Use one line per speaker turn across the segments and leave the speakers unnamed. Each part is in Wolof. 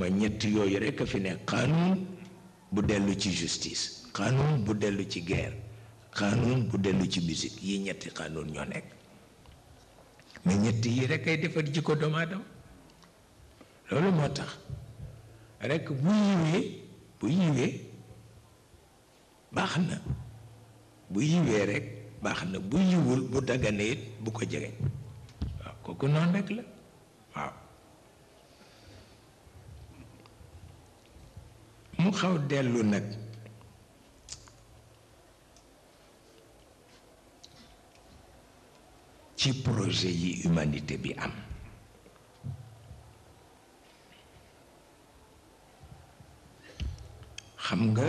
ma ñett yooyu rekk a fi ne xaanuun bu dellu ci justice xaanuun bu dellu ci guerre xaanuun bu dellu ci musique yi ñetti xaanuun ñoo nekk mais ñett yi rekk ay defar jikko doomu aadama loolu moo tax rekk bu yiwee bu yiwee baax na buy yiwee rekk baax na bu yiwul bu dagganee bu ko jegeñ waaw kooku noonu rekk la mu xaw dellu nag ci projet yi humanité bi am xam nga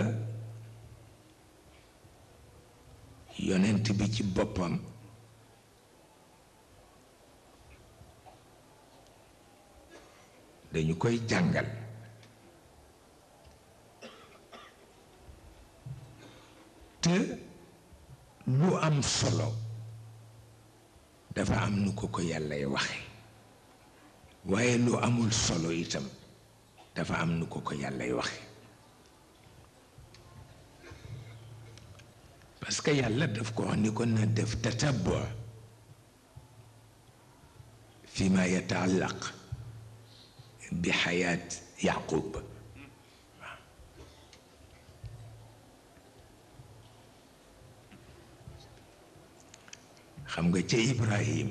yonent bi ci boppam dañu koy jàngal te lu am solo dafa am nu ko ko yi waxe waye lu amul solo itam dafa am nu ko ko yi waxe parce que yàlla daf ko ni ko na def tatabbu fi ma yataallaq bi hayat yaqub xam nga ca ibrahim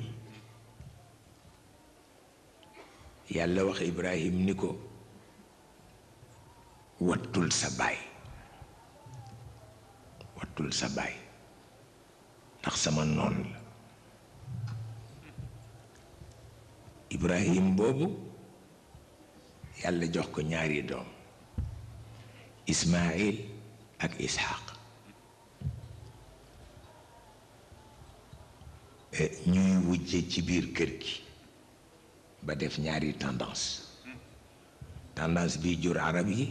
yàlla wax ibrahim ni ko wattul sa baay wattul sa baay ndax sama noon la ibrahim boobu yàlla jox ko ñaari doom ismail ak ishaq Eh, ñuy wujje ci biir kër gi ba def ñaari tendance tendance bi jur arab yi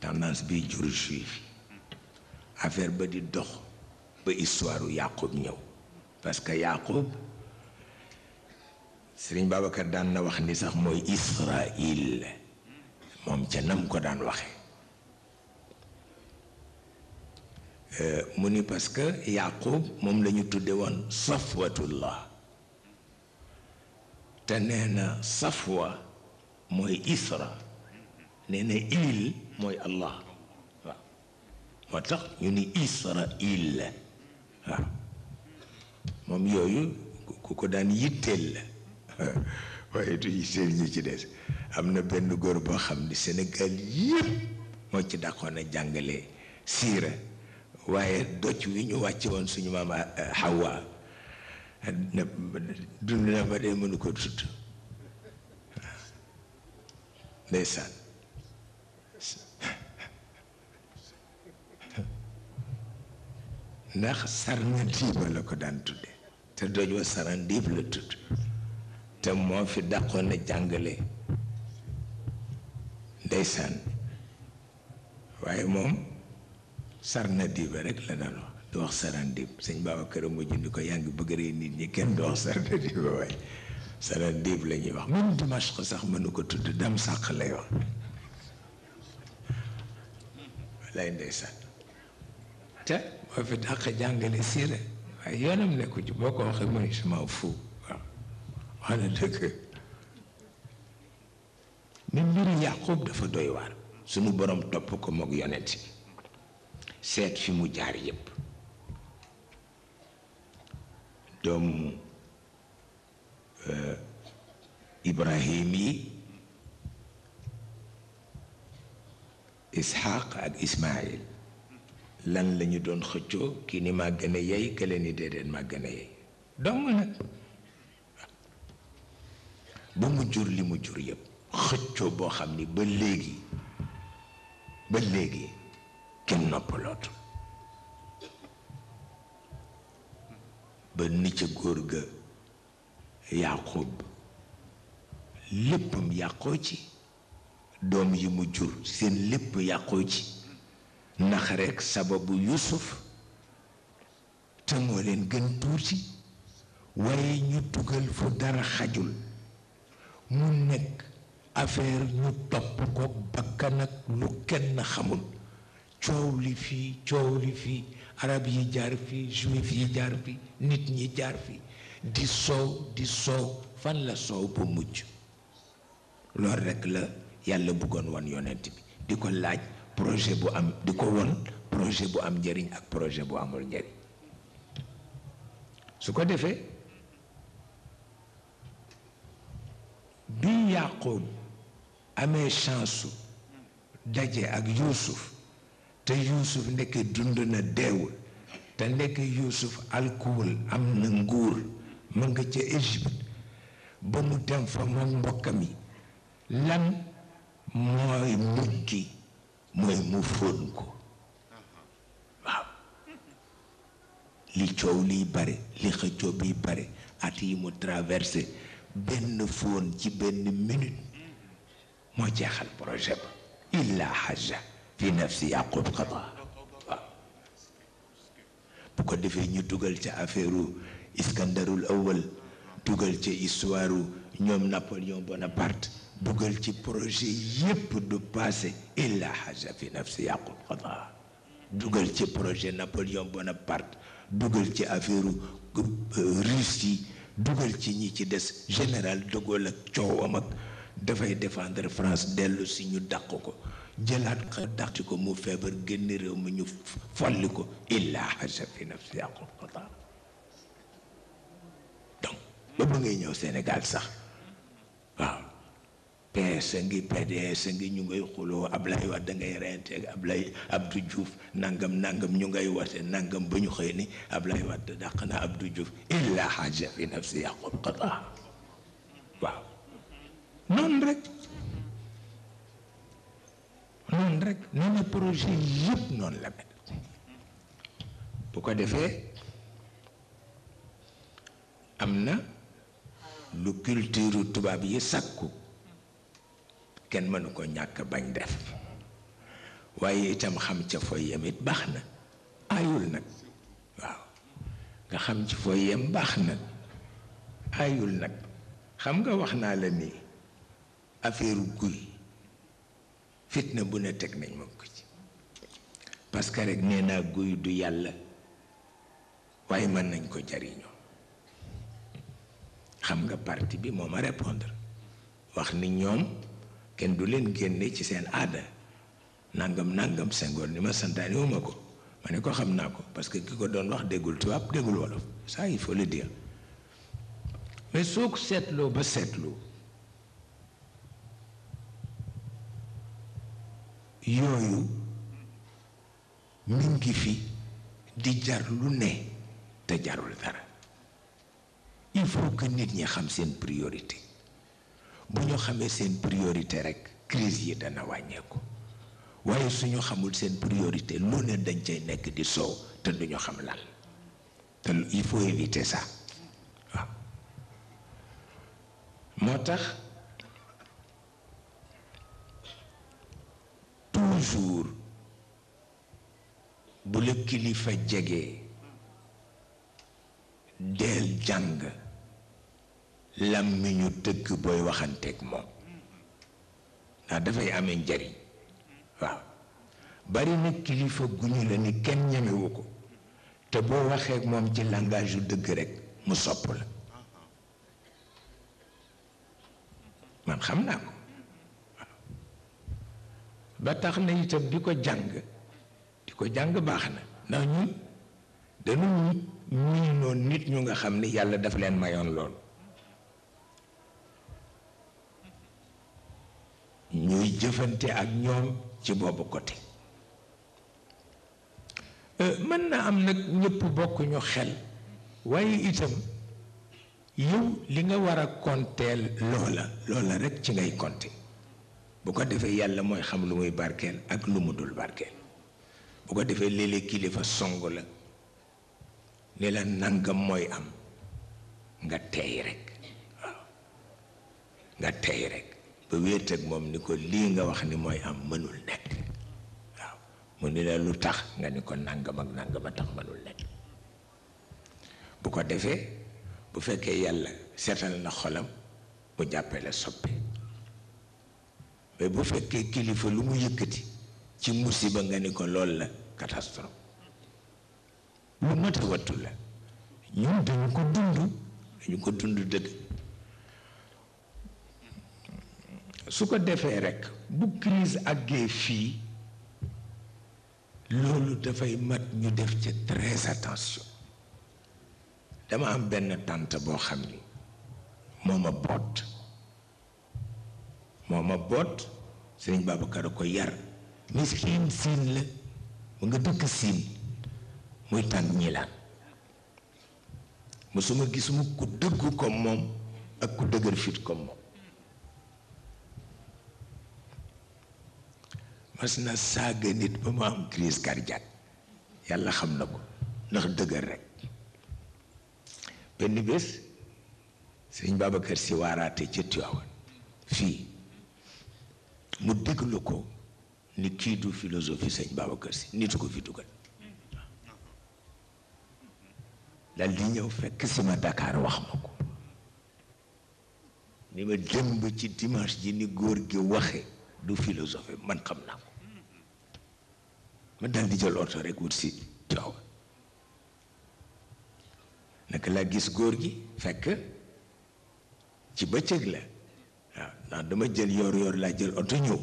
tendance bi jur juif yi affaire ba di dox ba histoire Yaqub ñëw parce que Yaqub Sëriñ daan na wax ni sax mooy Israël moom ca nam ko daan waxe Euh, mu ni parce que yaqub moom la ñu tudde woon safwatullah te nee na safwa mooy isra nee il mooy allah waaw moo tax ñu ni israil waaw moom yooyu ku ko daan yitteel la waaye du yitteel ñi ci des am na benn góor boo xam ni Sénégal yëpp moo ci dàqoon a jàngale siira waaye doj wi ñu wàcce woon suñu maam eh, Hawa dund na ba dee mënu ko tudd ndeysaan ndax sarndiiba la ko daan tudde te doj wa sarndiib la tudd te moo fi dàqoon na jàngale ndeysaan waaye moom sarnadiba rek la daan wax du wax sarandib sëñ Babacar mujj ni ko yaa ngi bëgg rey nit ñi kenn du wax sarnadiba waaye sarandib la ñuy wax même Dimashq sax mënu ko tudd dam sàq lay wax lay ndeysaan waaye yoonam nekku ci boo ko waxee mu ne suma fu waaw wax na dëgg ni mbiri Yaaqub dafa doy waar sunu borom topp ko mook yonent seet fi mu jaar yépp doomu euh, ibrahim yi isxaq ak ismail lan lañu doon xëccoo kii ni maa gën a yey kële ni déedéet maa gën a yey dong nag ba mu jur li mu jur yépp xëccoo boo xam ni ba léegi ba léegi kenn noppalootu ba ni ca góor ga yaaxub léppam yàqoo ci doom yi mu jur seen lépp yàqoo ci ndax rekk sababu yusuf te moo leen gën tuuti waaye ñu dugal fu dara xajul mu nekk affaire ñu topp ko bakkan ak lu kenn xamul coow li fii coow li fii arab yi jaar fii juif yi jaar fii nit ñi jaar fii di soow di soow fan la soow bu mujj lool rekk la yàlla buggoon wan yonent bi di ko laaj projet bu am di ko won projet bu am njëriñ ak projet bu amul njëriñ su ko defee bi Yaaqub amee chance daje ak Yuusuf te yuusuf ndekk dund na deewul te ndekk yuusuf alkuwul am na nguur ma nga ca Égypte ba mu dem fa moom mbokkam yi lan mooy mujj mooy mu fóon ko waaw li coow liy bare li xëccoo biy bare at yi mu traversé benn fóon ci benn minute moo jeexal projet ba illaa haja fi nafsi yaqub qada waaw bu ko defee ñu dugal ci affaire iskandarul awal dugal ca histoire ñoom Napoléon Bonaparte dugal ci projet yépp du passé illa haja fi nafsi yaqub qada dugal ci projet Napoléon Bonaparte dugal ci affaire Russie dugal ci ñi ci des général de Gaulle ak coowam ak dafay défendre France dellu si ñu dàq ko jëlaat ko ko mu feebar génn réew mi ñu folli ko illaa xasa fi nafsi aqul qatar donc ba ba ngay ñëw Sénégal sax waaw PS ngi PDS ngi ñu ngay xuloo Ablaye Wade ngay reyante ak Ablaye Abdou Diouf nangam nangam ñu ngay wate nangam ba ñu xëy ni Ablaye Wade dàq na Abdou Diouf illaa xasa fi nafsi aqul qatar waaw noonu rek noonu rek noonu la projet yëpp noonu la mel bu ko defee am na lu culture tubaab yi sàkku kenn mënu ko ñàkk bañ def waaye itam xam ca fooy yem it baax na aayul nag waaw nga xam ci fooy yem baax na aayul nag xam nga wax naa la ni affaire guy fitna bu ne teg nañ moom ko ci parce que rek nee naa guy du yàlla waaye mën nañ ko jariñoo xam nga parti bi moo ma répondre wax ni ñoom kenn du leen génne ci seen aada nangam nangam sengoor ni ma santaani ko ma ne ko xam naa ko parce que ki ko doon wax déggul tubaab déggul wolof ça il faut le dire mais soo ko seetloo ba seetloo yooyu mi ngi fi di jar lu ne te jarul dara il faut nit ñi xam seen priorité bu ñu xamee seen priorité rekk crise yi dana wàññeeku waaye su ñu xamul seen priorité lu ne dañ cay nekk di soow te du ñu xam lan te il faut éviter ça waaw moo tax toujours bu la kilifa jege deel jàng làmmiñu dëgg booy waxanteeg moom ndax dafay ame njariñ waaw bari na kilifa gu ñu la ni kenn ñemewu ko te boo waxee ak moom ci langage yu dëgg rek mu sopp la man xam naa ko ba tax na itam di ko jàng di ko jàng baax na ndax ñun dañu ñuy noon nit ñu nga xam ni yàlla dafa leen mayoon lool ñuy jëfante ak ñoom ci boobu côté euh, mën na am nag ñëpp bokk ñu xel waaye itam yow li nga war a konteel loola loola rekk ci ngay konte bu ko defee yàlla mooy xam lu muy barkeel ak lu mu dul barkeel bu ko defee léeg-léeg kilifa song la ne la nangam mooy am nga teey rek waaw nga teey rek ba wéet ak moom ni ko lii nga wax ni mooy am mënul nekk waaw mu ni la lu tax nga ni ko nangam ak nangam a tax mënul nekk bu ko defee bu fekkee yàlla seetal na xolam mu jàppee la soppi mais bu fekkee kilifa lu mu yëkkati ci musiba nga ni ko lool la catastrophe lu mat a wattu la ñun dañu ko dund dañu ko dund dëgg su ko crise loolu mat ñu def très attention dama am tante boo xam ni moo ma boot sëriñ Babacar a ko yar miskin siin la mu nga dëkk siin muy tànn ñilaan musuma gisuma ku dëggu comme moom ak ku dëgër fit comme moom mas na saaga nit ba mu am crise cardiaque yàlla xam na ko ndax dëgër rek benn bés sëriñ Babacar si waaraate ca Tiwaawan fii mu déglu ko ni kii du philosophie sëñ Babacar Si nitu ko fi dugal dal di ñëw fekk si ma Dakar wax ma ko ni ma démb ci dimanche ji ni góor gi waxe du philosophie man xam naa ko ma dal di jël oto rek wut si coow naka laa gis góor gi fekk ci bëccëg la Ah, dama jël yoor yoor laa jël oto ñëw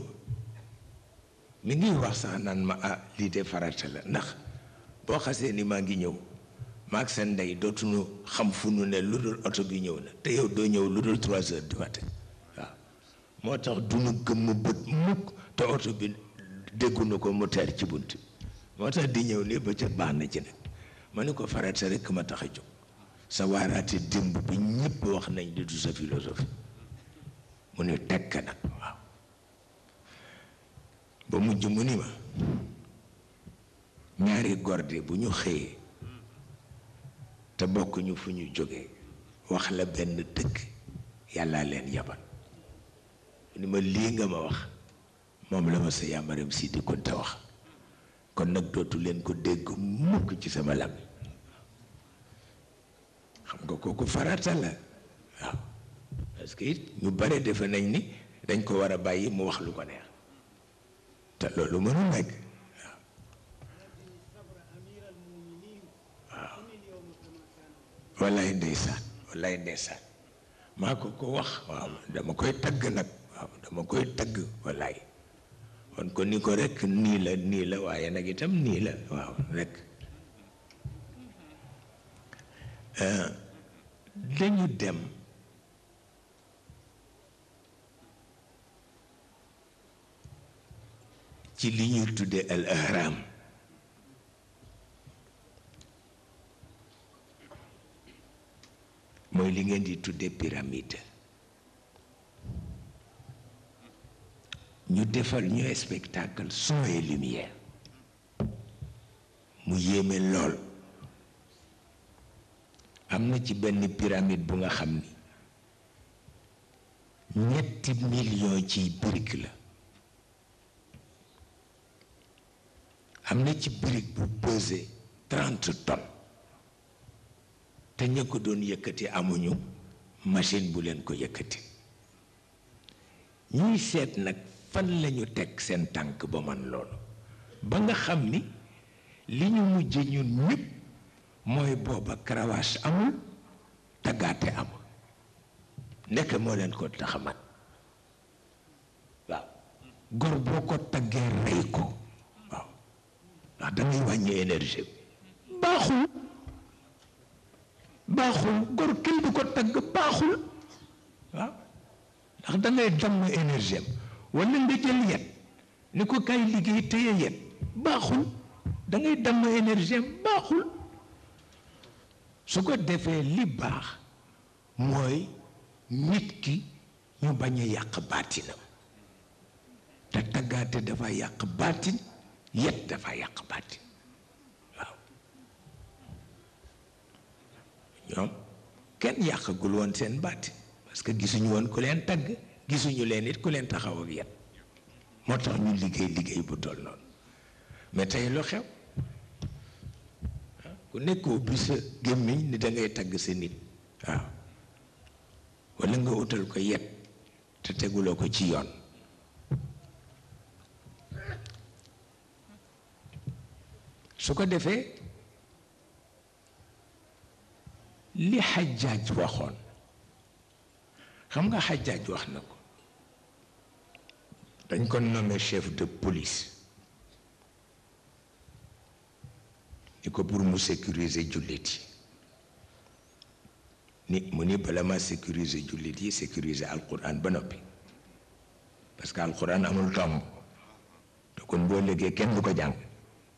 mi ngi wax sax naan ma ah lii de farata la ndax boo xasee ni maa ngi ñëw maag seen ndey dootuñu xam fu nu ne lu dul oto bi ñëw na te yow doo ñëw lu dul trois heures du matin waaw moo tax du nu gëmm bët mukk te oto bi déggu nu ko mu ci bunt moo tax di ñëw nii ba ca baax na ci nag ma ne ko farata rek ma tax a jóg sa waaraate démb bi ñëpp wax nañ di du sa philosophie mu ne tekk nag waaw ba mujj mu ni ma ñaari gorde bu ñu xëyee te bokkuñu ñu fu ñu jógee wax la benn dëkk yàlla leen yabal ni ma lii nga ma wax moom la ma sa yàmbaram si di kunte wax kon nag dootu leen ko dégg mukk ci sama làmmiñ xam nga kooku farata la waaw parce que it ñu bare defe nañ ni dañ ko war a bàyyi mu wax lu ko neex te loolu mënul nekk waaw wallaay ndeysaan wallaay ndeysaan maa ko ko wax waaw dama koy tëgg nag waaw dama koy tagg wallaay kon ko ni ko rek nii la nii la waaye nag itam nii la waaw rek eh, dañu dem ci li ñu tudde al ahram mooy li ngeen di tudde pyramide ñu defal ñu spectacle son lumière mu yéeme lool am na ci benn pyramide bu nga xam ni ñetti million ciy brique la am na ci brique bu pesé trente tonnes te ña ko doon yëkkati amuñu machine bu leen ko yëkkati ñuy seet nag fan lañu teg seen tànk ba man loolu ba nga xam ni li ñu mujj ñun ñëpp mooy booba karawaas amul taggaate amul ndekk moo leen ko taxamat waaw gor boo ko taggee rey ko ndax dangay wàññi énergie baaxul baaxul góor kenn du ko tagg baaxul waaw ndax dangay damm énergie am wala nga jël yet ni ko kay liggéey téye yet baaxul dangay damm énergie baaxul su ko defee li baax mooy nit ki ñu bañ a yàq baatinam te taggaate dafa yàq baatin yet dafa yàq baatin waaw ñoom kenn yàqagul woon seen baatin parce que gisuñu woon ku leen tagg gisuñu leen it ku leen taxaw ak yet moo tax ñu liggéey liggéey bu toll noonu mais tey lu xew ah, ku nekk ubbi sa gémmiñ ni dangay ngay tagg sa nit waaw walla nga utal ko yet te teguloo ko ci yoon su ko defee li xajaaj waxoon xam nga xajaaj wax na ko dañ kon nommé chef de police ni ko pour mu sécuriser jullit yi ni mu ni bala ma sécuriser jullit yi sécuriser alquran ba noppi parce que alquran amul tomb te kon boo léegi kenn du ko jàng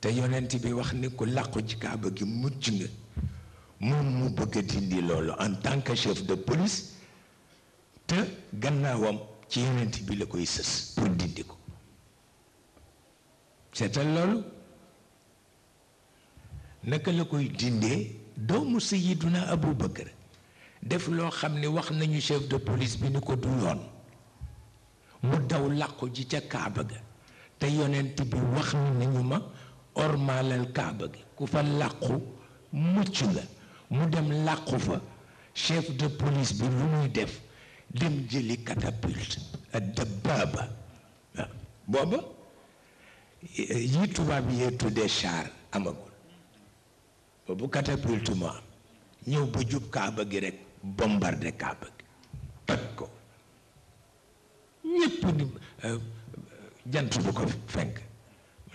te yonent bi wax ni ko làqu ci kaaba gi mucc nga moom mu bëgg a dindi loolu en tant que chef de police te gannaawam ci yonent bi la koy sës pour dindi ko seetal naka la koy dindee doomu sayiduna Abu Bakar def loo xam ne wax nañu chef de police bi ni ko du yoon mu daw làqu ji ca kaaba ga te yonent bi wax nañu ma ormaalal kaaba gi ku fa làqu mucc la mu dem làqu fa chef de police bi lu muy def dem jëli catapulte ak dabbaaba waaw booba yi tubaab yee tuddee char amagul boobu catapulte moo am ñëw ba jub kaaba gi rek bombardé kaaba gi toj ko ñépp ni euh, jant bu ko fenk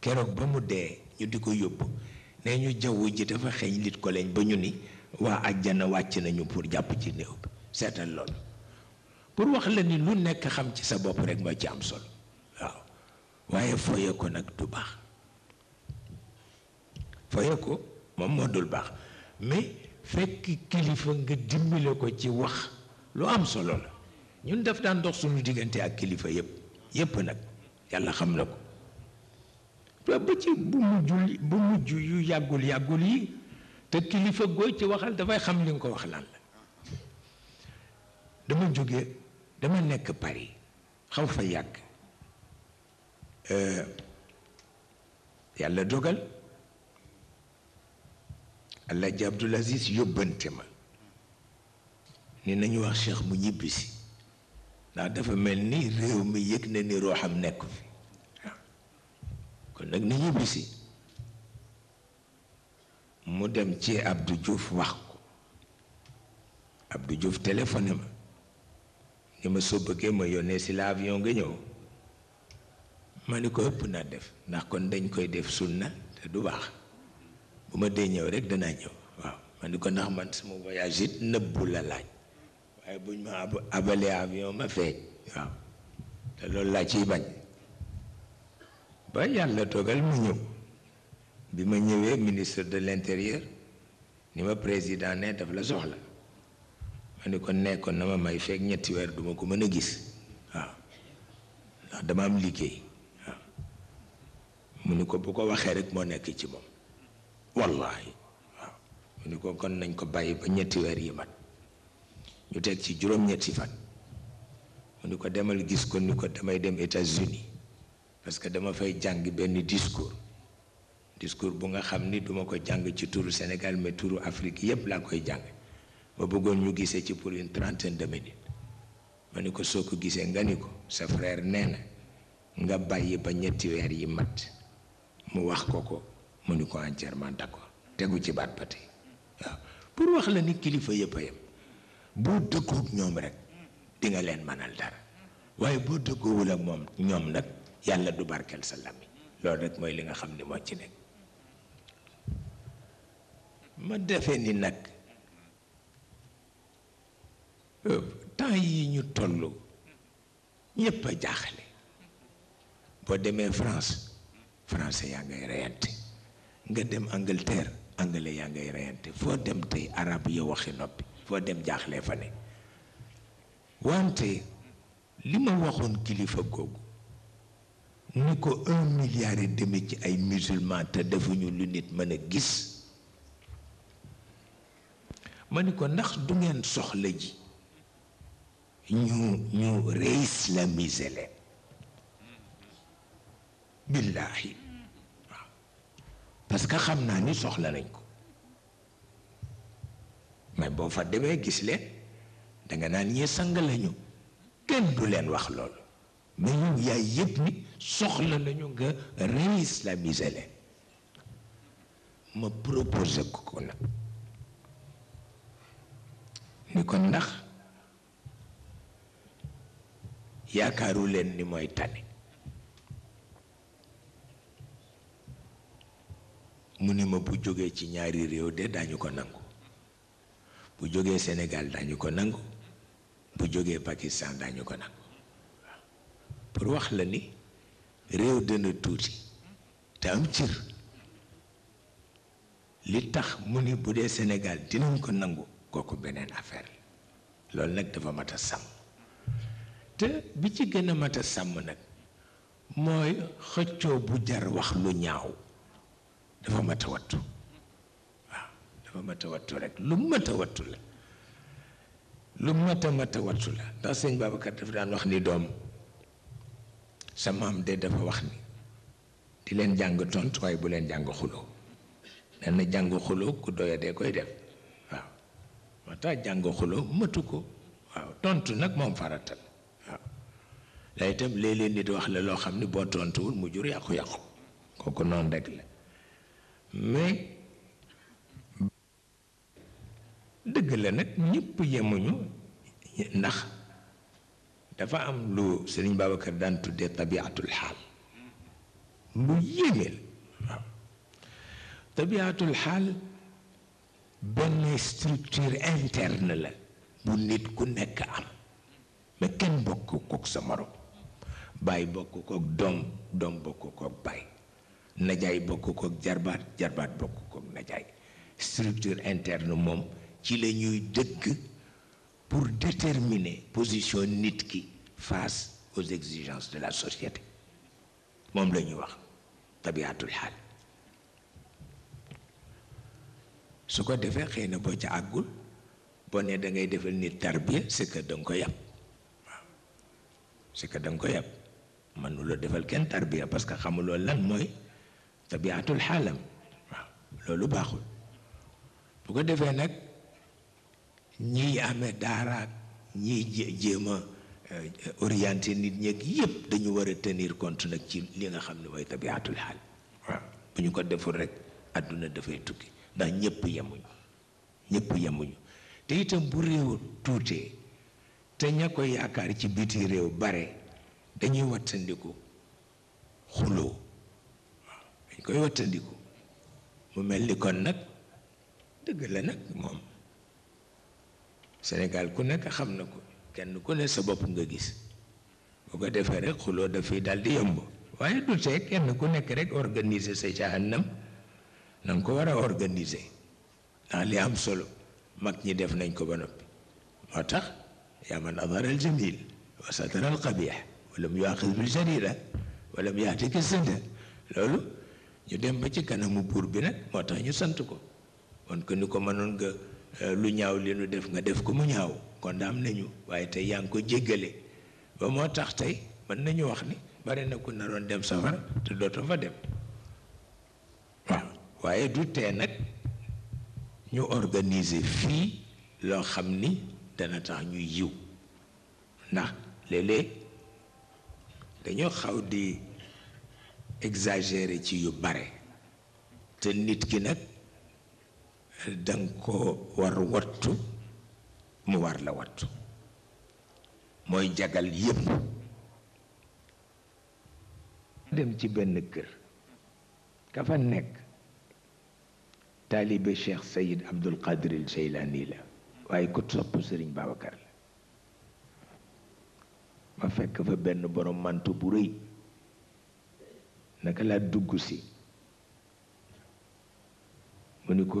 keroog ba mu dee ñu di ko yóbbu nee ñu jaww ji dafa xeeñ lit ko ba ñu ni waa àjjana wàcc nañu pour jàpp ci néew bi seetal loolu pour wax la ni lu nekk xam ci sa bopp rek moo ci am solo waaw waaye fooye ko nag du baax fooye ko moom moo dul baax mais fekk kilifa nga dimbale ko ci wax lu am solo la ñun daf daan dox suñu diggante ak kilifa yëpp yëpp nag yàlla xam na ko ba ci bu mujjul bu mujj yu yàggul yàggul yi te kilifa gooy ci waxal dafay xam li nga ko wax lan la dama jóge dama nekk Paris xaw fa yàgg euh, yàlla dogal Alaaji Abdul Aziz yóbbante ma ni nañu wax Cheikh mu ñibbisi ndax dafa mel ni réew mi yëg na ni roo xam nekk fi kon nag na ñibbisi mu dem ci Abdou Diouf wax ko Abdou Diouf téléphoné ma ni ma soo bëggee ma yónnee si la avion nga ñëw ma ni ko ëpp naa def ndax kon dañ koy def na te du baax bu ma dee ñëw rek danaa ñëw waaw ma ni ko ndax man suma voyage it nëbbu la laaj waaye buñ ma abalee avion ma feeñ waaw te loolu laa ciy bañ ba yàlla dogal ma ñëw bi ma ñëwee ministre de l'intérieur ni ma président ne daf la soxla ma ni ko nekkoon na ma may fekk ñetti weer duma ko mën a gis waaw dama am liggéey waaw mu ni ko bu ko waxee rek moo nekk ci moom wallaahi waaw mu ni ko kon nañ ko bàyyi ba ñetti weer yi mat ñu teg ci juróom-ñetti fan mu ni ko demal gis ko ni ko damay dem États-Unis parce que dama fay jang ben discours discours bu nga xamni duma ko jang ci touru senegal mais touru Afrique yeb la koy jang ba bëggoon ñu gisé ci pour une trentaine de minutes maniko soko ko soo nga ni ko sa frère néna nga bayyi ba ñetti wër yi mat mu wax ko ko mu ni ko entièrement d'accord tegu ci bat paté pour wax la ni kilifa yeb a bu boo ñom rek di nga leen manal dara waye bo ak mom ñom nak yàlla du barkeel sa làmmiñ loolu rek mooy li nga xam ni moo ci nekk ma defe ni nag euh, temps yi ñu tollu ñépp a jaaxle boo demee France français yaa ngay reyante nga dem Angleterre anglais yaa ngay reyante foo dem tey arab ya waxi noppi foo dem jaaxle fa ne wante li ma waxoon kilifa googu ni ko un milliard ci ay musulman te defuñu lu nit mën a gis ma ni ko ndax du ngeen soxla ji ñu ñu réislamiser leen billaahi waaw parce que xam naa ni soxla nañ ko mais boo fa demee gis leen danga naan ñi sang lañu kenn du leen wax lool mais ñoom yaay yëpp ni soxla nañu nga réislamiser ma proposé ko ko nag ni ko ndax yaakaaru leen ni mooy tane mu ni ma bu jógee ci ñaari réew de daañu ko nangu bu jógee senegal daañu ko nangu bu jógee Pakistan daañu ko nangu pour wax la ni réew dana tuuti te am cër li tax mu ni bu dee Sénégal dinañ ko nangu kooku beneen affaire la loolu nag dafa mat a sàmm te bi ci gën a mat a sàmm nag mooy xëccoo bu jar wax lu ñaaw dafa mat a wattu waaw dafa mat a wattu rek lu mat a wattu la lu mat a mat a wattu la ndax sëñ Babacar dafa daan wax ni doom sa maam de dafa wax ni di leen jàng tontu waaye bu leen jàng xuloo nee na jàng xuloo ku doyadee koy def waaw moo tax jàng xuloo mëtu ko waaw tontu nag moom faratal waaw lay itam léeg-léeg nit wax la loo xam ni boo tontuwul mu jur yàqu-yàqu kooku noonu rek la mais dëgg la nag ñëpp yemuñu ndax dafa am lu Sëriñ Babacar daan tuddee tabiatul xaal lu yéeme la waaw tabiatul xaal benn structure interne la bu nit ku nekk am mais kenn bokk kook sa morom baay bokk kook doom doom bokk kook baay najaay bokk kook jarbaat jarbaat bokk kook najaay structure interne moom ci la ñuy pour déterminer position nit qui face aux exigences de la société moom la ñuy wax tabiatul xaal su ko defee xëy bo ci agul bo né da ngay defal nit tarbiya c'est que dang ko yàpp ce c'est que dang ko ko manu lo defal ken tarbiya parce que xamuloo lan moy tabiatul halam. waaw baxul bu ko defee nak ñiy ame daaraak ñiy jéema euh, oriente nit ñeeg yépp dañu war a tenir compte ci li nga xam ne mooy tabiatul xaal waaw bu ñu ko deful rek àdduna dafay tukki ndax ñëpp yemuñu ñëpp yemuñu te itam bu réew tuutee te ña koy yaakaar ci biti réew bare dañuy watandiku xuloo waaw dañ koy wattandiku mu mel ni kon nag dëgg la nag moom Sénégal ku nekk xam na ko kenn ku ne sa bopp nga gis boo ko defee rek xuloo dafay daal di yomb waaye du tee kenn ku nekk rek organiser sa jahannam na nga ko war a organiser ndax li am solo mag ñi def nañ ko ba noppi moo tax yaa man adhara al jamil wa satara al qabih walam yuaxis bil jarira walam yaatiki sënda loolu ñu dem ba ci kanamu buur bi nag moo tax ñu sant ko won ko ni ko mënoon nga Euh, lu ñaaw li nu def nga def ko mu ñaaw kon daam nañu waaye tey yaa ngi ko jéggale ba moo tax tey mën nañu wax ni bari na ku naroon dem safara te dootoo fa dem waaw waaye du tee nag ñu organise fii loo xam ni dana tax ñu yiw ndax léeg dañoo xaw di exagérer ci yu bare te nit ki nag danga ko war wattu mu war la wattu mooy jagal yépp dem ci benn kër ka fa nekk taalibe cheikh sayid abdul qadir al jeylaani la waaye ko sopp sëriñ babacar la ma fekk fa benn borom mantu bu rëy naka laa dugg si mu ni ko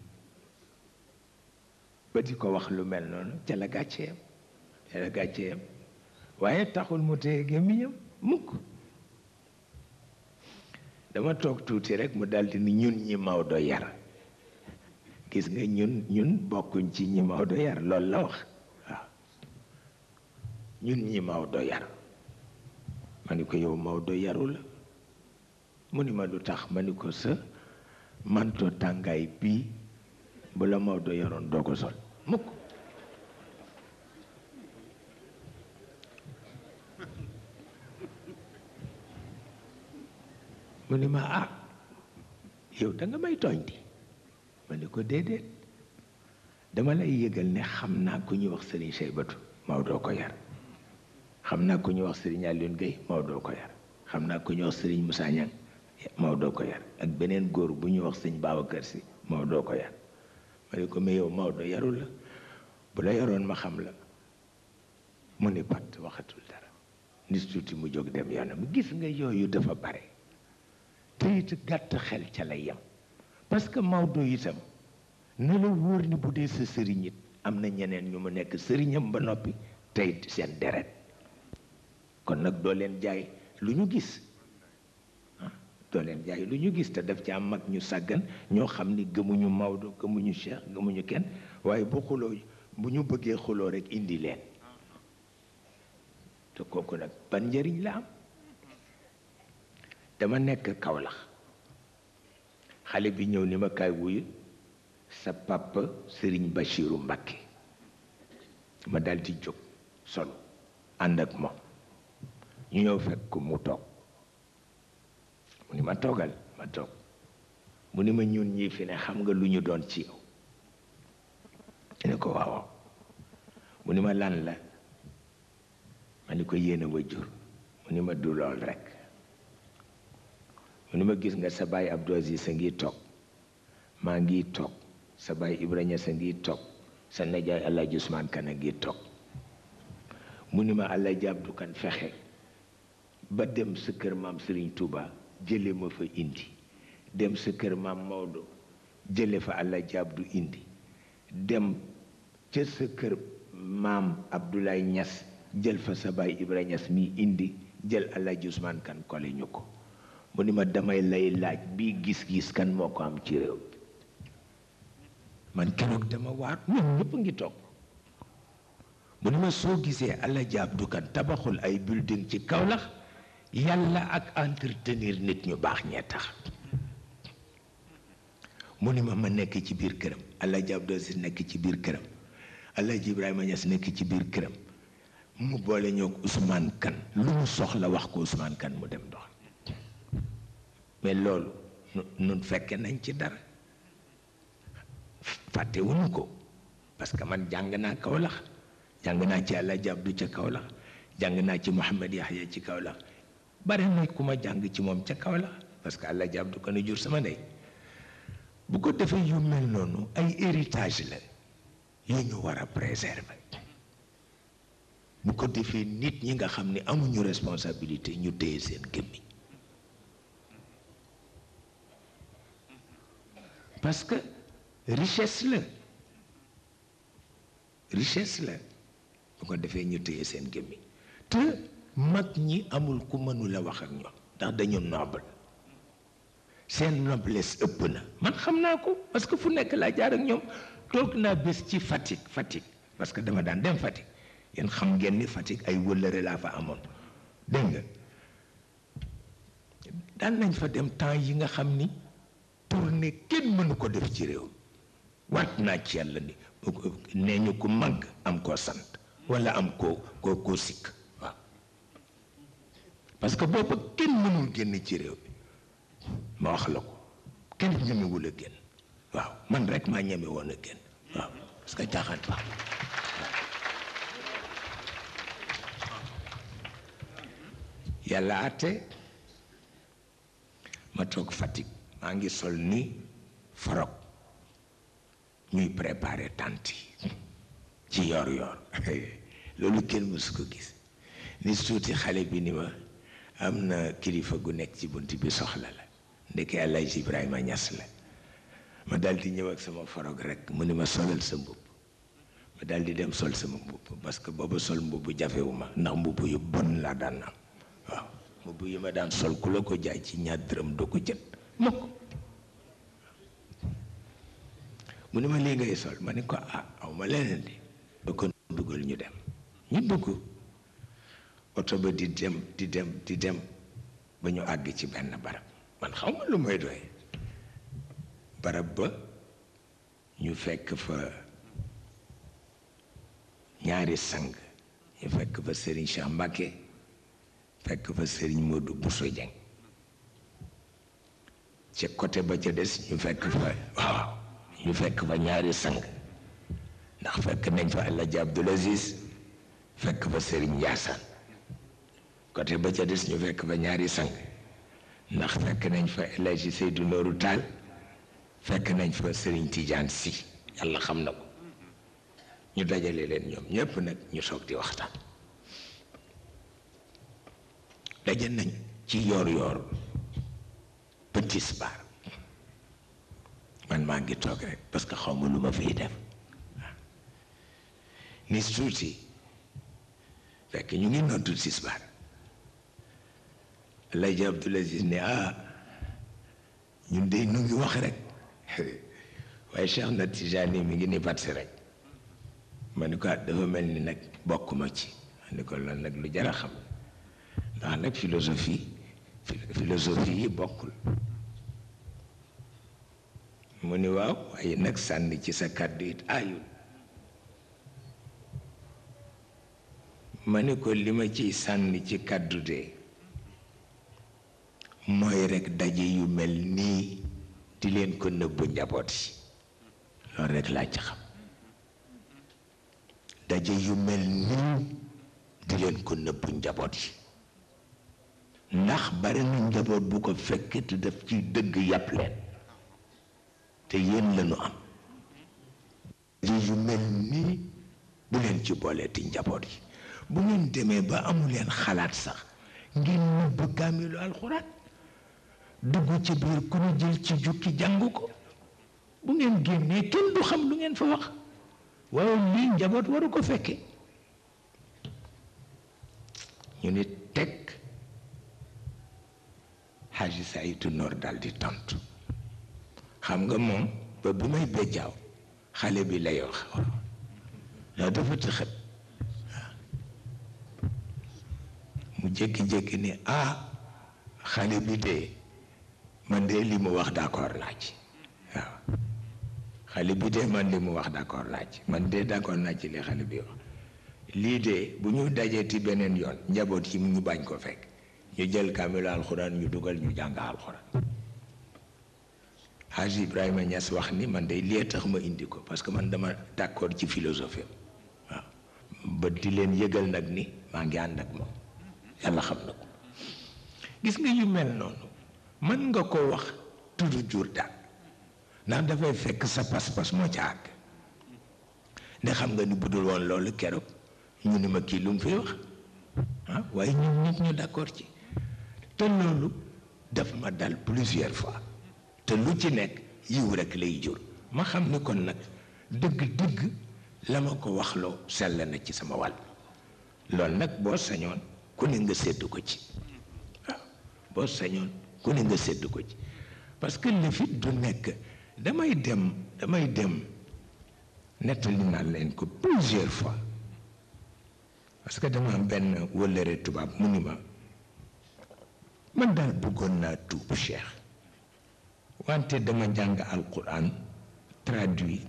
ba di ko wax lu mel noonu ca la gàcceem ca la gàcceem waaye taxul mu téye gémmiñam mukk dama toog tuuti rekk mu daldi ni ñun ñi Maodo yar gis nga ñun ñun bokkuñ ci ñi Maodo yar loolu la wax waaw ñun ñi Maodo yar ma ni ko yow Maodo yaru la mu ni ma lu tax ma ni ko sa manto tàngaay bii bu la Maodo yoroon doo ko sol mukk mu ne ma ah yow danga may tooñ di ma ne ko déedéet dama lay yëgal ne xam naa ku ñuy wax Serigne Cheybatu Maodo ko yar xam naa ku ñuy wax Serigne Alioune Gueye Maodo ko yar xam naa ku ñuy wax Serigne Moussa Niang Maodo ko yar ak beneen góor bu ñuy wax sëñ Babacar Si Maodo ko yar ma ne ko mais Maodo yarul la bu la yaroon ma xam la mu ni pat waxatul dara nit tuuti mu jóg dem yoonam gis nga yooyu dafa bare te it gàtt xel ca lay yem parce que Maodo itam na ni bu dee sa sëriñ am na ñeneen ñu mu nekk sëriñam ba noppi tey seen deret kon nag doo leen jaay lu ñu gis doo leen jaay lu ñu gis te daf ci am mag ñu sàggan ñoo xam ni gëmuñu Maodo gëmuñu Cheikh gëmuñu kenn waaye bu xuloo bu ñu bëggee xuloo rekk indi leen te kooku nag ban njariñ la am dama nekk kawlax xale bi ñëw ni ma kaay wuyu sa papa Serigne Bachiru Mbakke ma daldi jóg solo ànd ak moom ñu ñëw fekk mu toog mu ni ma toogal ma toog mu ni ma ñun ñii ne xam nga lu ñu doon ci yow ne ko waaw mu ni ma lan la ma ni ko yéene wa jur mu ni ma du lool rekk mu ni ma gis nga sa baay Abdou Aziz sa toog maa ngi toog sa baay Ibrahima sa toog sa najaay Alaaji Usmaan Kan a ngi toog mu ni ma Alaaji Abdu Kan fexe ba dem sa kër maam Sëriñ Tuuba jële ma fa indi dem sa kër maam Maodo jële fa àlla jaab du indi dem ca sa kër maam Abdoulaye ñas jël fa sabaay baay Ibrahima mi indi jël Alaaji Usmaan Kan kole ñu ko mu ni ma damay lay laaj bi gis-gis kan moo ko am ci réew man keroog dama waar ñun ñëpp ngi toog mu ni ma soo gisee Alaaji Abdu Kan tabaxul ay building ci Kaolack yàlla ak entretenir nit ñu baax ñee tax mu ni ma ma nekk ci biir këram Alaaji Abdou si nekk ci biir këram Alaaji Ibrahima si nekk ci biir këram mu boole ñoo Ousmane Kan lu mu soxla wax ko Ousmane Kan mu dem dox mais loolu nun fekke nañ ci dara fàttewuñu ko parce que man jàng naa Kaolack jàng naa ci Alaaji Abdou ca Kaolack jàng naa ci Mouhamed Yahya ci Kaolack bare na ku ma jàng ci moom ca kaw la parce que allah jaab du ko ne jur sama ndey bu ko defee yu mel noonu ay héritage la yu ñu war a préserver bu ko defee nit ñi nga xam ni amuñu responsabilité ñu téye seen gémmiñ parce que richesse la richesse la bu ko defee ñu téye seen gémmi te mag ñi amul ku mënula wax ak ñoom ndax dañu noble seen noblesse ëpp na man xam naa ko parce que fu nekk laa jaar ak ñoom toog naa bés ci Fatick Fatick parce que dama daan dem Fatick yéen xam ngeen ni Fatick ay wëllëre laa fa amoon dégg nga nañ fa dem temps yi nga xam ni tournée kenn mënu ko def ci réew mi waat naa ci yàlla ni nee ñu ko màgg am koo sant wala am koo koo koo sikk parce que booba kenn mënul genn ci rew bi ma wax la ko kenn ñëmi wu la genn waaw man rek ma ñëmi woon a génn waaw parce que jaxat baax yalla até ma tok fatik ma ngi sol ni farok ñuy préparer tanti ci yor yor lolu kenn musuko gis ni suuti xalé bi ni ma am na kilifa gu nek ci bunti bi soxla la ndeke Alaaji Ibrahima ñass la ma daldi ñew ak sama forog rek mu ma solal sa mbub ma daldi dem sol sama mbub parce que bobu sol mbubb jafewu ma ndax mbub yu bon la daan am waaw mbubb ma dan sol ku ko jaay ci ñaad dërëm do ko jënd mako munima ma ngay sol ma ko ah aw ma leneen di ba kon ñu dem ñu dugg oto ba di dem di dem di dem ba ñu àgg ci benn barab man xaw ma lu may doy barab ba ñu fekk fa ñaari sang ñu fekk fa sëriñ Cheikh Mbacké fekk fa sëriñ Modou Bousso Dieng ca côté ba ca des ñu fekk fa waaw ñu fekk fa ñaari sang ndax fekk nañ fa El Hadj Abdoul Aziz fekk fa sëriñ Ndiassane côté ba ca des ñu fekk fa ñaari sang ndax fekk nañ fa El Hadji Seydou Nourou fekk nañ fa Serigne Tidiane Sy yàlla xam na ko ñu dajale leen ñoom ñépp nag ñu toog di waxtaan daje nañ ci yoor yoor ba tisbaar man maa ngi toog rek parce que xaw ma lu ma fiy def ni suuti fekk ñu ngi noddu tisbaar Alaaji Abdul Aziz ne ah ñun dey nu ngi wax rek waaye Cheikh na Tijaani mi ngi ni batsi rek ma ni ko dafa mel ni nag bokk ma ci ma ni ko loolu nag lu jar xam ndax nag philosophie philosophie yi mu ni waaw waaye nag sànni ci sa kàddu it aayul ma ko li ma sànni ci kàddu de mooy rekk daje yu mel nii di leen ko nëbbu njaboot yi loolu rekk laa ci xam daje yu mel nii di leen ko nëbbu njaboot yi ndax bari na njaboot bu ko fekk te daf ci dëgg yàpp leen te yéen lañu am daje yu mel nii bu leen ci booleeti njaboot yi bu ngeen demee ba amuleen xalaat sax ngeen nëbb kaamilu alxuraan dugg ci biir ku ñu jël ci jukki jàng ko bu ngeen génnee kenn du xam lu ngeen fa wax waaye lii njaboot waru ko fekke ñu ni teg xaaji Saytu Noor dal di tontu xam nga moom ba bu may bejjaaw xale bi lay wax loolu dafa tëxët mu jékki-jékki ni ah xale bi dee man de li mu wax d'accord naa ci waaw xale bi de man li mu wax d'accord naa ci man de d'accord naa ci li xale bi wax lii de bu ñu dajee ci beneen yoon njaboot yi mu ñu bañ ko fekk ñu jël kaamilu alxuraan ñu dugal ñu jàng alxuraan Haji Ibrahima Niass wax ni man de lii tax ma indi ko parce que man dama d'accord ci philosophie waaw ba di leen yëgal nag ni maa ngi ànd ak moom yàlla xam na ko gis nga yu mel noonu mën nga ko wax tudd jur daal ndax dafay fekk sa pas-pas moo ca àgg ne xam nga ni bu dul woon loolu keroog ñu ni ma kii lu mu fi wax ah waaye ñun nit ñu d'accord ci te loolu daf ma dal plusieurs fois te lu ci nekk yiw rek lay jur ma xam ni kon nag dëgg-dëgg la ma ko waxloo sell na ci sama wàll loolu nag boo sañoon ku ne nga séddu ko ci waaw boo sañoon ku ne nga sédd ko ci parce que lëfit du nekk damay dem damay dem nettali naa leen ko plusieurs fois parce que dama am benn wëllëre tubaab mu ni ma man daal bëggoon naa tuub cheikh wante dama jàng alquran traduit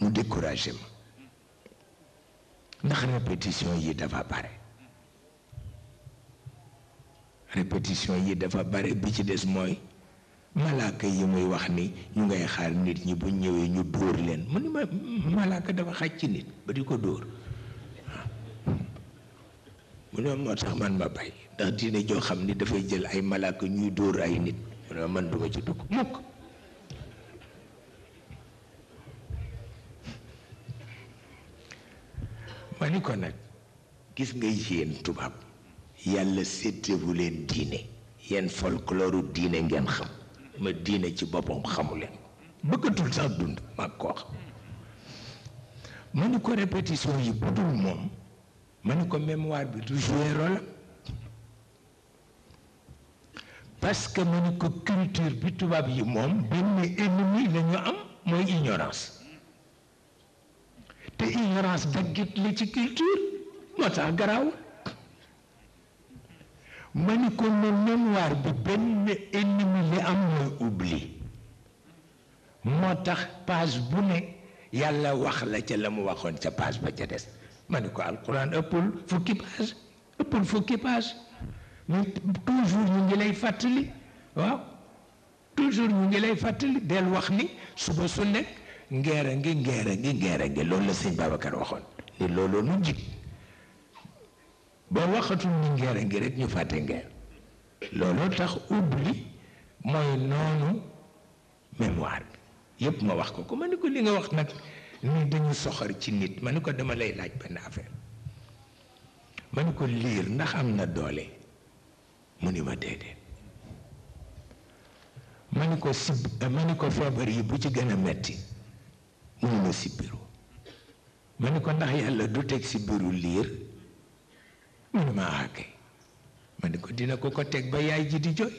mu découragé ma ndax répétition yi dafa bare répétition yi dafa bare bi ci des mooy malaaka yi muy wax ni ñu ngay xaar nit ñi bu ñëwee ñu dóor leen mu ni ma malaaka dafa xaj ci nit ba di ko dóor mu ne moo tax man ma bàyyi ndax diine joo xam ni dafay jël ay malaaka ñuy dóor ay nit mu ne man duma ci dugg mukk ma ko nag gis nga yéen tubaab yalla yàlla séddewu leen diine yenn folklooru diine ngeen xam ma diine ci bopom xamulén leen bëggatul sax dund mag ko wax maniko répétition yi budul mom maniko ni mémoire bi du jouer rôle parce que maniko culture bi tubab yi mom benn ennemi lañu am moy ignorance té ignorance daggit la ci culture moo tax Maniko ne bi ben ennemi li am oubli motax page bu ne Yalla, wax la ca lam waxone page ba ca dess maniko alcorane eppul page toujours ñu ngi lay toujours ñu ngi lay fatali del wax ni suba su a ngi ba waxatu ni ngere a ngi rek ñu faté ngere lolo tax oubli moy nonu mémoire yépp ma wax ko ko man ko li nga wax nak ni dañu soxor ci nit man ko dama lay laaj ben affaire man ko lire ndax am na doole mu ma dédé man ko sib man ko feebar yi bu ci gëna metti mu ma sibiru man ko ndax yàlla du tek sibiru lire mu ne ma xàkkee ma ni ko dina ko ko teg ba yaay ji di jooy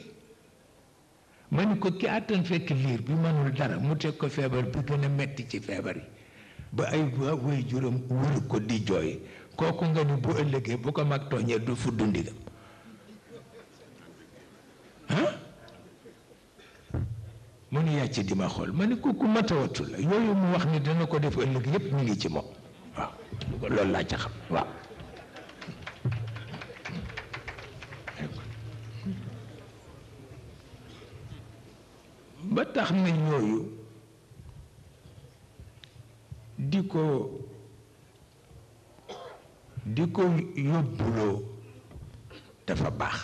ma ni ko ki àttan fekk liir bi mënul dara mu teg ko feebar bi gën a metti ci feebar yi ba ay way juróom wëru ko di jooy kooku nga ni bu ëllëgee bu ko mag tooñee du fudd ndigam mu nu yàcc di ma xool ma ne ko ku matawatu la yooyu mu wax ni dana ko def ëllëg yépp mu ngi ci moom waaw loolu laa ca xam waaw ba tax na ñooyu di ko di ko yóbbuloo dafa baax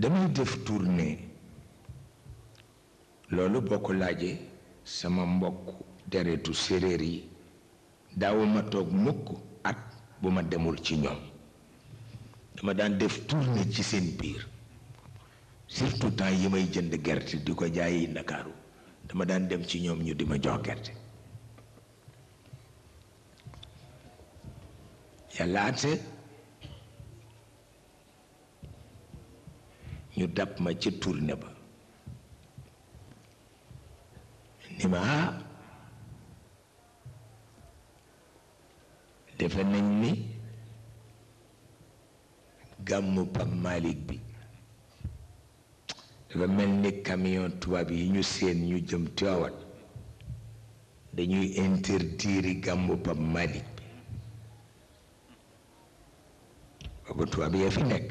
damay def tournée loolu boo ko laajee sama mbokk deretu séréer yi daawuma toog mukk at bu ma demul ci ñoom dama daan def tournée ci seen biir surtout temps yi may jënd gerte di ko jaayi Ndakaaru dama daan dem ci ñoom ñu di ma jox gerte yàlla àtte ñu dab ma ci tournée ba ni ma ah, defe nañ ni gàmmu Pam Malick bi dafa mel ni camion tubaab yi ñu seen ñu jëm Tiwaawan dañuy interdire gàmmu Pape Malick bi boobu tubaab yee fi hmm. nekk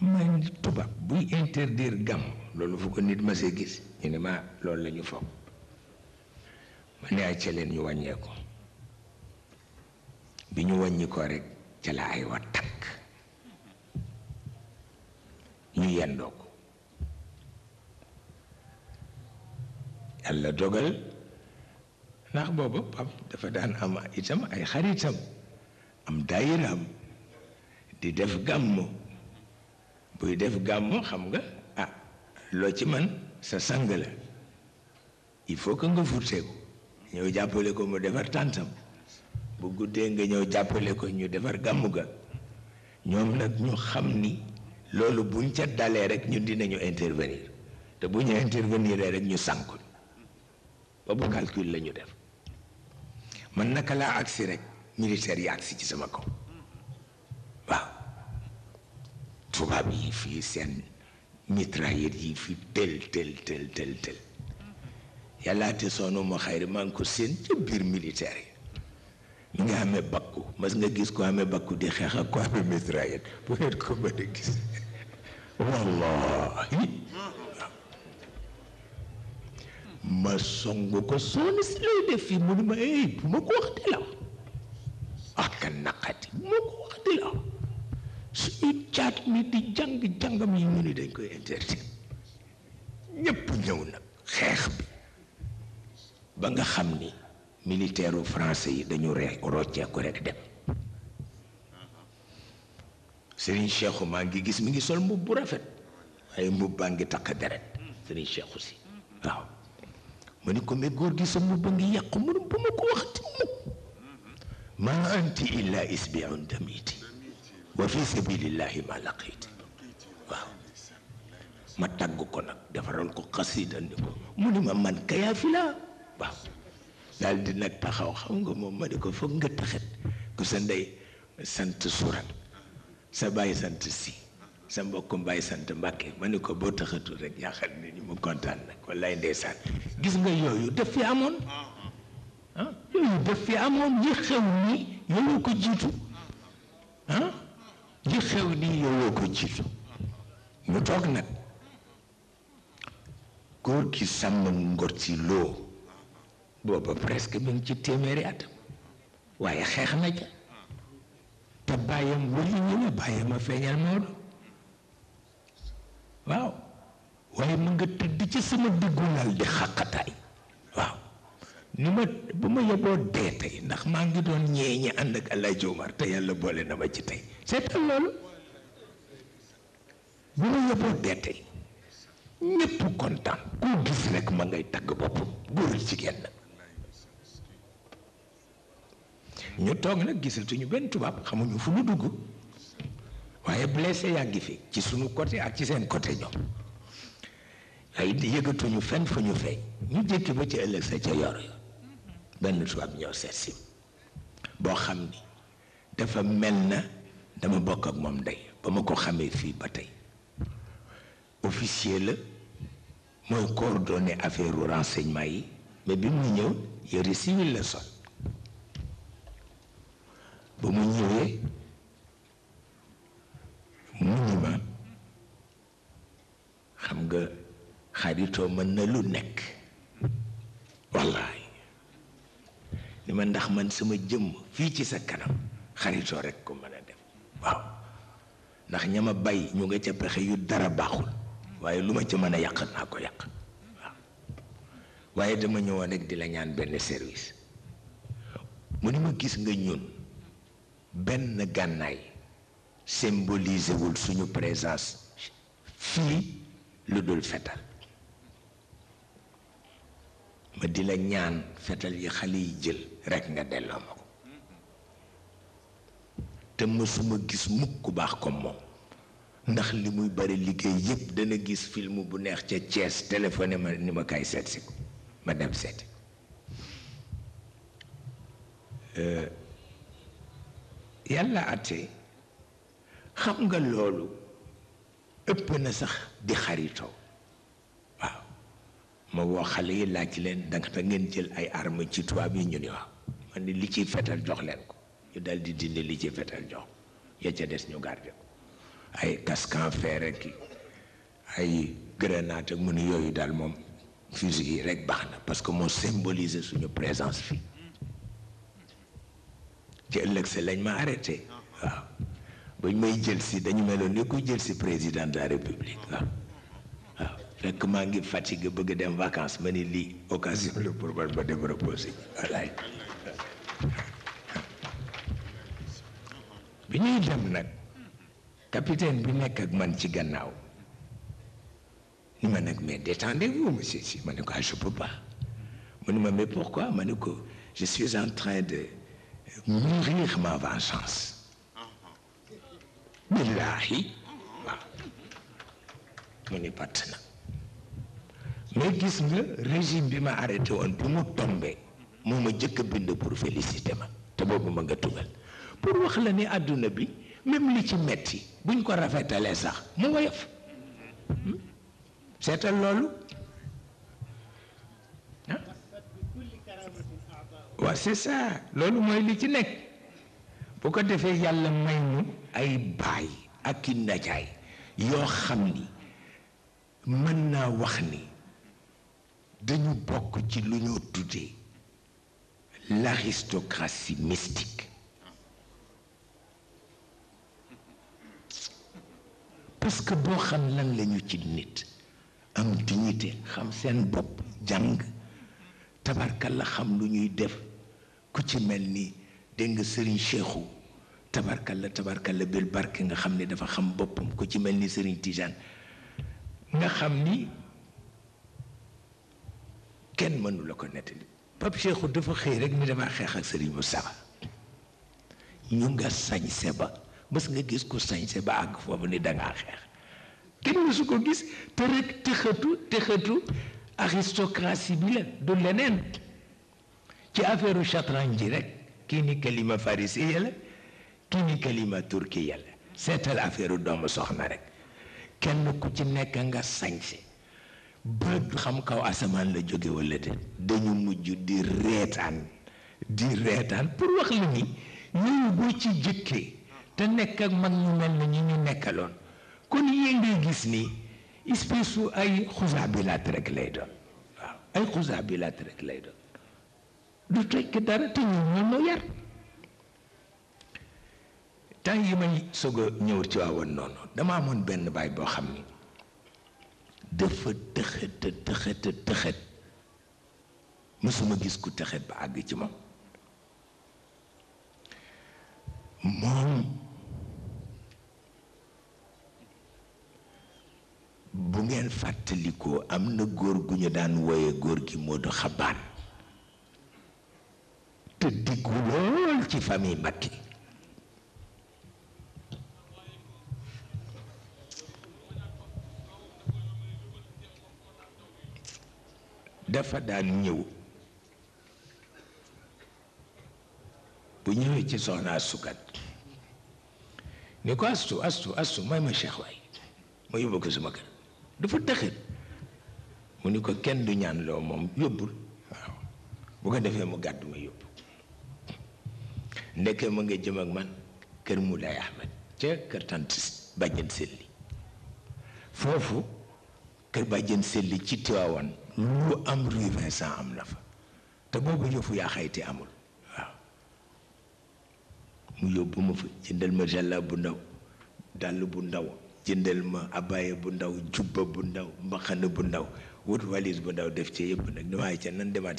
man tubaab buy interdire gàmmu loolu fu ko nit ma see gis ñu ne ma loolu la ñu foog ma ne leen ñu wàññeeku bi ñu wàññi ko rek ca la ay wattak yendoo ko yàlla dogal ndax booba pap dafa daan am itam ay xaritam am daayiraam di def gàmmu buy def gàmmu xam nga ah loo ci man sa sang la il faut que nga ko ñëw jàppale ko mu defar tàntam bu guddee nga ñëw jàppale ko ñu defar gàmmu ga ñoom nag ñu xam ni loolu buñ ca dalee rek ñun dinañu intervenir te bu ñu intervenir rek ñu sànku boobu calcul la ñu def man naka laa agsi rek militaire yi agsi ci sama kaw waaw tubaab yi fii seen mitraillette yi fi tel tel tel tel tel yàllaa te soonu ma xayri maa ngi ko seen ca biir militaire yi ñu ngi amee bakku mas nga gis ko amé bakku di xex ak ko amé misrayet bu ngeen ko di gis wallahi ma song ko soni ci lay def fi mu ma ey eh, bu mako wax di la ak ko wax di la ah, suñu chat mi di jang jangam yi ñu ni dañ koy interdit ñepp ñew nak xex bi ba nga xamni militaire français yi dañu re rocceeku rek dem Serigne Cheikhu maa ngi gis mi ngi sol mbubb bu rafet waaye mbubb baa ngi takk deret Serigne Cheikhu si waaw ma ni ko mais góor gi sa mbubb ba ngi yàqu mënu ba ma ko waxati mukk ma tàgg ko nag defaroon ko xasida ni ko mu ni ma man kayaa daal di nag taxaw xam nga moom ma di ko foog nga taxit ku sa ndey sant surat sa bàyyi sant si sa mbokkum bàyyi sant mbàkke ma ni ko boo taxatul rek yaa xam ne ni mu kontaan nag wallaay ndeysaan gis nga yooyu daf fi amoon ah yooyu daf fi amoon yi xew nii yooyu ko jiitu ah, yi xew nii yooyu ko jiitu ñu toog nag góor gi sàmm ngor loo booba presque mi ngi ci téeméeri at waaye xeex na ca te bàyyam wëli ñu la bàyyam a feeñal Maodo waaw waaye mu nga tëdd ci sama diggu di xaqataay waaw ni ma bu ma yeboo dee tey ndax maa ngi doon ñee ñi ànd ak Alaaji te yàlla boole na ma ci tey seetal loolu bu ma yeboo dee tey ñépp kontaan koo gis rek ma ngay tagg boppam góor jigéen na ñu toog nag gisatuñu benn tubaab xamuñu fu mu dugg waaye blessé yaa ngi fi ci suñu côté ak ci seen côté ñoom ay yëgatuñu fenn fu ñu feeñ ñu jékki ba ci ëllëg sa ca yor yor benn tubaab ñëw seet si boo xam ni dafa mel na dama bokk ak moom ndey ba ma ko xamee fii ba tey officier la mooy coordonné affaire renseignement yi mais bi mu ñëw yëre civil la sol ba mu ñëwee mu ni ma xam nga xaritoo mën na lu nekk wallaay ni ma ndax man sama jëmm fii ci sa kanam xaritoo rek ko mën a def waaw ndax ña ma bay ñu nga ca pexe yu dara baaxul waaye lu ma ci mën a yàq naa ko yàq waaw waaye dama ñëwoon rek di la ñaan benn service mu ni ma gis nga ñun benn gànnaay symbolisé wul suñu présence fii lu dul fetal ma di la ñaan fetal yi xale yi jël rekk nga delloo ma ko te mësuma gis mukk baax ko moom ndax li muy bari liggéey yépp dana gis film bu neex ca Thiès téléphoné ma ni ma kay seetsi ko ma dem seeti ko euh, yàlla àtte xam nga loolu ëpp na sax di xaritoo waaw ma wax xale yi laaj leen danga te ngeen jël ay arme ci tubaab yi ñu ni waaw man ni li ci fetal jox leen ko ñu dal di dindi li ci fetal jox ya ca des ñu garde ko ay casque en fer ay grenade ak mu ni yooyu daal moom fusil yi rek baax na parce que moo symboliser suñu présence fii ci ëllëg sa lañ ma arrêté waaw bañ may jël si dañu meloon ni ku jël si président de la république waaw waaw fekk maa ngi fatigué bëgg dem vacances ma ni lii occasion le pour man ma dem reposer walaay bi ñuy dem nag capitaine bi nekk ak man ci gannaaw ni ma nag mais détendez-vous monsieur si ma ne ko ah je peux pas mu ne ma mais pourquoi ma ne ko je suis en train de mourir ma vengeance. Uh-huh. billahi mon uh-huh. mu mais gis le régime bi ma arrêté pour me tomber. tomber. moo pour féliciter ma te ma pour wax la ni aduna bi même li ci metti buñ ko rafetalee sax mo wayef hmm? waa c'est ça loolu mooy li ci nekk bu ko defee yàlla may nu ay baay ak i ndajaay yoo xam ni mën naa wax ni dañu bokk ci lu ñoo tuddee l'aristocratie mystique parce que boo xam lan lañu ci nit am dignité xam seen bopp jàng tabarkal la xam lu ñuy def ku ci mel ni dégg nga sëriñ Cheikhu tabarkalla tabarkalla bil barke nga xam ni dafa xam boppam ku ci mel ni sëriñ Tijaan nga xam ni kenn mënula la ko nettali Pape Cheikhu dafa xëy rek ni damaa xeex ak sëriñ Moussa ñu nga sañ ba bés nga gis ko sañ ba àgg foofu ni dangaa xeex kenn mësu ko gis te rek tëxatu tëxatu aristocratie bi la du leneen ci affaire chatran ji rek kii ni kalima farisiya la kii ni kalima turkiya la seetal affaire doomu soxna rek kenn ku ci nekk nga sañse ba xam kaw asamaan la jóge wala de dañu mujj di reetaan di reetaan pour wax la ni ñooñu boo ci jëkkee te nekk ak mag ñu mel na ñi ñu nekkaloon kon yéen ngay gis ni espèce su ay xusaabilaat rek lay doon waaw ay xusaabilaat rek lay doon du tekki dara te yi may soog a ñëw ci waawoon noonu dama amoon benn baay boo xam ne dafa tëxët tëxët tëxët mësuma gis ku tëxët ba àgg ci moom moom bu ngeen fàttalikoo am na góor gu ñu daan wooye góor gi moo du xabaan te ci famille Macky dafa daan ñëw bu ñëwee ci soxna asukat ni ko astu astu astu may ma cheikh waay ma yóbbu ko sama kër dafa dëxët mu ni ko kenn du ñaan loo moom yóbbul waaw bu ko defee mu gàddu ma yóbbu ndeke ma nga jëm ak man kër Moulay Ahmed ca kër tant bàjjen selli foofu kër bàjjen selli ci Tiwaawan lu am rue Vincent am na fa te boobu yëfu yaa xayti amul waaw mu yóbbu ma fa jëndal ma jàlla bu ndaw dàll bu ndaw jëndal ma abaya bu ndaw jubba bu ndaw mbaxana bu ndaw wut valise bu ndaw def ci yëpp nag ni waaye ca nan demaat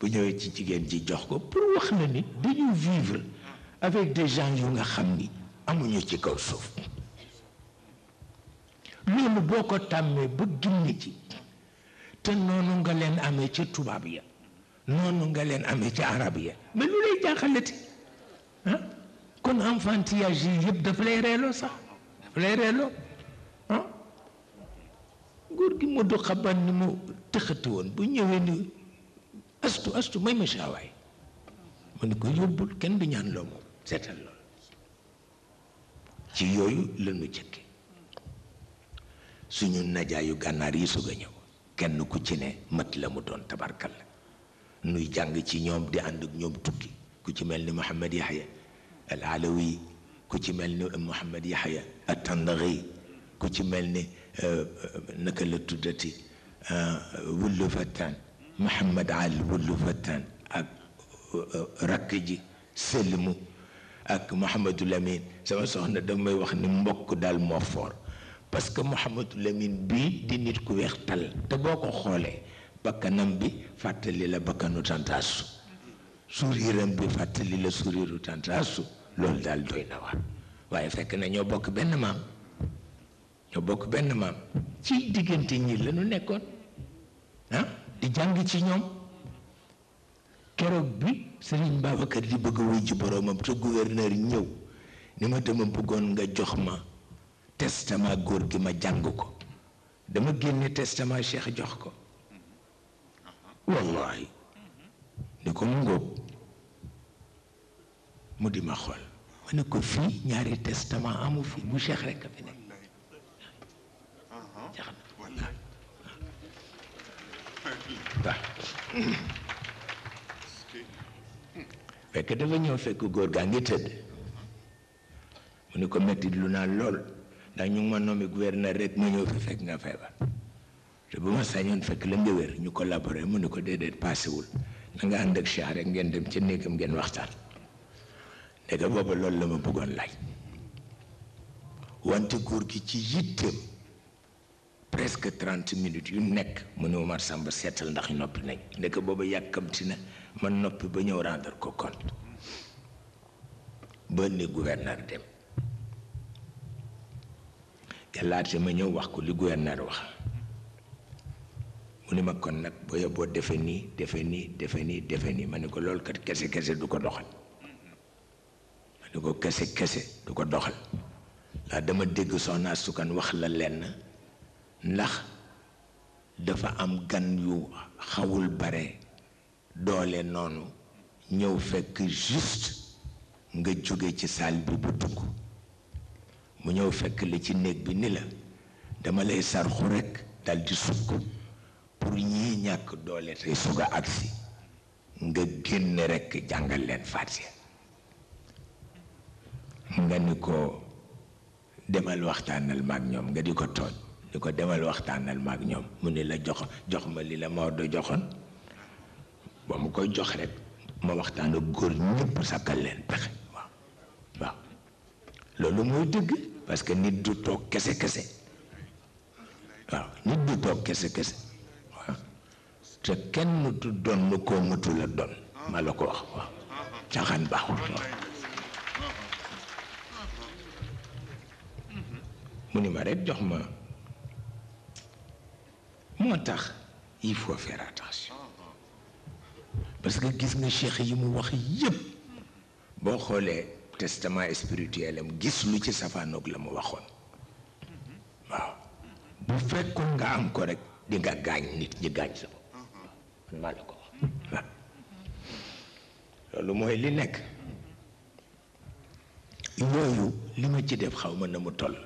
bu ñëwee ci jigéen ji jox ko pour wax la ni dañu vivre avec des gens yu nga xam ni amuñu ci kaw suuf loolu boo ko tàmmee ba gindi ci te noonu nga leen amee ci tubaab ya noonu nga leen amee ci arab ya mais lu lay jaaxalati ah kon enfantillage yi yëpp daf lay reeloo sax daf lay reeloo ah gi mu xaban ni mu tëxati woon bu ñëwee ni astu astu may ma saawaay ma ni yóbbul kenn du ñaan loo moom seetal lool ci yooyu lanu jëkke suñu najaayu gànnaar yi sog a ñëw kenn ku ci ne mat la mu doon tabarkal la nuy jàng ci ñoom di ànd ak ñoom tukki ku ci mel ni Mouhamed Yahya al alawi ku ci mel ni Mouhamed Yahya attandari ku ci mel ni euh, euh, naka la tuddati euh, wullu fattaan محمد علي بلو فتن اك ركجي سلمو اك محمد الامين سما سوخنا دامي واخ ني مبوك دال مو فور باسكو محمد الامين بي دي نيت كو ويختال تا بوكو خولي بكانم بي فاتلي لا بكانو تانتاسو سوريرم بي فاتلي لا سوريرو تانتاسو لول دال دوينا وا واي فك نا ньо بوك بن مام ньо بوك بن مام سي ديغنتي ني لا نو نيكون ها di jàng ci ñoom keroog bi Serigne Babacar di bëgg wuy ci boromam te gouverneur ñëw ni ma dama bëggoon nga jox ma testament góor gi ma jàng ko dama génne testament Cheikh jox ko wallahi ni ko mu ngóob mu di ma xol ma ne ko fii ñaari testament amu fi bu Cheikh rekk a fi nekk da fekk dafa ñëw fekk góor gaa ngi tëdd mu ni ko metti lu naa lool ndax ñu ma nommi gouverneur rek ma ñëw fi fekk nga feebar te bu ma sañoon fekk la nga ñu collaboré mu ni ko déedéet paasewul na nga ànd ak Cheikh rek ngeen dem ca néegam ngeen waxtaan ndeke booba loolu la ma bëggoon laaj wante góor gi ci yitteem presque trente minutes yu nekk mu ne Omar Samba seetal ndax noppi nañ ndeke booba yàkkamti na man noppi ba ñëw rendre ko compte ba ni gouverneur dem yàllaate ma ñëw wax ko li gouverneur wax mu ne ma kon nag boo yóbboo defe nii defe nii defe nii defe nii ma ne ko loolu kat kese kese du ko doxal ma ne ko kese kese du ko doxal laa dama dégg soxna sukan wax la lenn ndax dafa am gan yu xawul bare doole noonu ñëw fekk juste nga jóge ci salle bi bu dugg mu ñëw fekk la ci néeg bi ni la dama lay sarxu rekk daldi sukk pour ñii ñàkk doole tey suga agsi nga génn rekk jàngal leen Faatiha nga ni ko demal waxtaanal maag ñoom nga di ko tooñ li ko demal waxtaanal ma ak ñoom mu ni la jox jox ma li la Maodo joxoon ba mu koy jox rek ma waxtaan ak góor ñëpp sakkal leen pexe waaw waaw loolu mooy dëgg parce que nit du toog kese kese waaw nit du toog kese kese waaw te kenn mutu doon nu koo mutu la ma la ko wax waaw caaxaan baaxul mu ni ma rek jox ma moo tax il faut faire attention parce que gis nga cheikh yi mu wax yépp boo xoolee testament spirituel am gis lu ci safaanoog la mu waxoon waaw bu fekkoon nga am ko rek di nga gaañ nit ñi gaañ sa bopp ko loolu mooy li nekk yooyu li ma ci def xaw ma na mu toll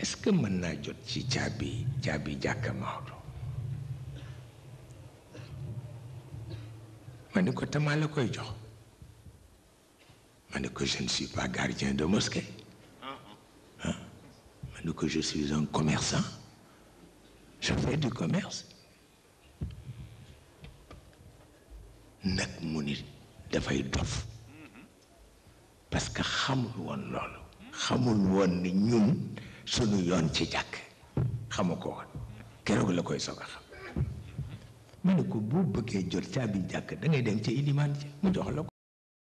est-ce que mën naa jot ci caabi caabi jàkka Maodo ma ne ko tamaa la koy jox ma que je ne suis pas gardien de mosquée uh-huh. hein, ma ne que je suis un commerçant je fais du commerce Nak mu nit dafay dof mm-hmm. parce que xamul woon loolu xamul woon ni ñun sunu yoon ci jàkk xamu ko woon keroog la koy soog a xam mu ne ko boo bëggee jot caabi jàkk da ngay dem ci ilimaan ji mu jox